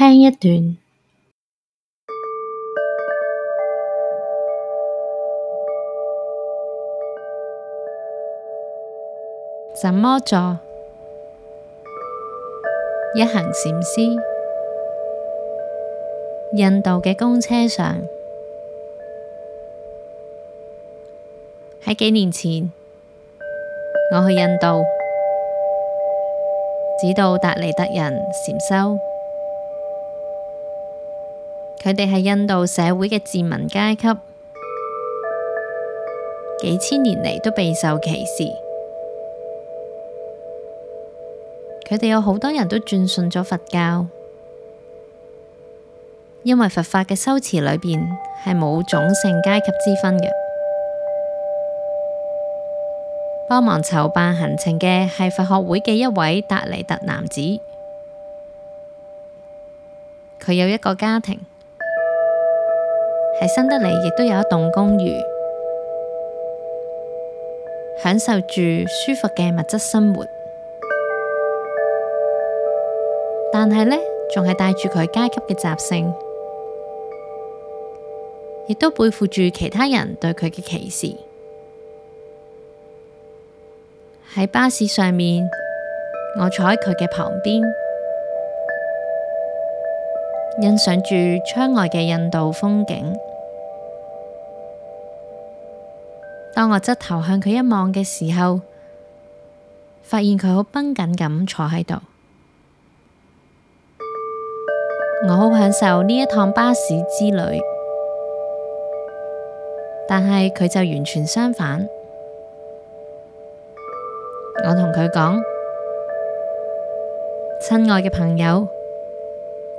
聽一段，怎麼坐？一行禪師，印度嘅公車上，喺幾年前，我去印度指導達利特人禪修。佢哋係印度社會嘅賤民階級，幾千年嚟，都備受歧視。佢哋有好多人都轉信咗佛教，因為佛法嘅修持裏邊係冇種姓階級之分嘅。幫忙籌辦行程嘅係佛學會嘅一位達利特男子，佢有一個家庭，喺新德里，亦都有一棟公寓，享受住舒服嘅物質生活。但係呢，仲係帶住佢階級嘅習性，亦都背負住其他人對佢嘅歧視。喺巴士上面，我坐喺佢嘅旁邊，欣賞住窗外嘅印度風景。當我側頭向佢一望嘅時候，發現佢好繃緊咁坐喺度。我好享受呢一趟巴士之旅，但係佢就完全相反。我同佢講：親愛嘅朋友，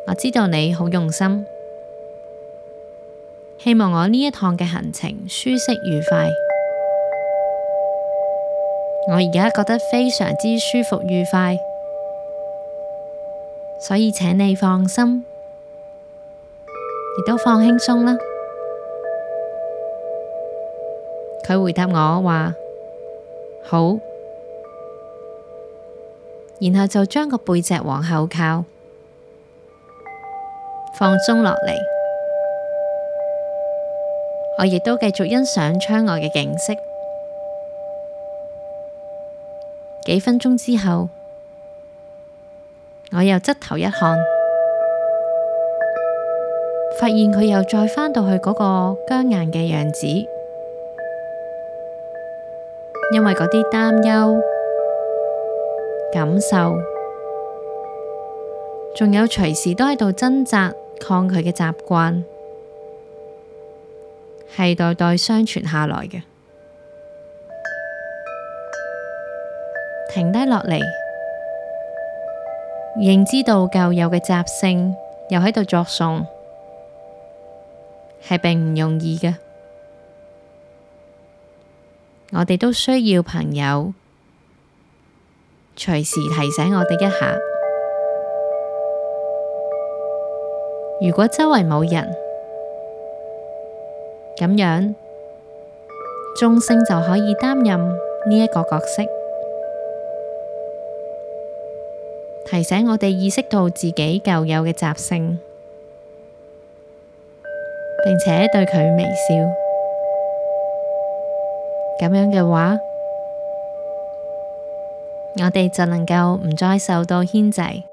我知道你好用心，希望我呢一趟嘅行程舒適愉快。我而家覺得非常之舒服愉快，所以請你放心，亦都放輕鬆啦。佢回答我話好，然後就將個背脊往後靠，放鬆落嚟。我亦都繼續欣賞窗外嘅景色。幾分鐘之後，我又側頭一看，發現佢又再返到去嗰個僵硬嘅樣子，因為嗰啲擔憂、感受，仲有隨時都喺度掙扎抗拒嘅習慣，係代代相傳下來嘅。停低落嚟，認知到舊有嘅習性，又喺度作祟，係並唔容易嘅。我哋都需要朋友隨時提醒我哋一下。如果周圍冇人，咁樣鐘聲就可以擔任呢一個角色。提醒我哋意識到自己舊有嘅習性，並且對佢微笑。咁樣嘅話，我哋就能夠唔再受到牽制。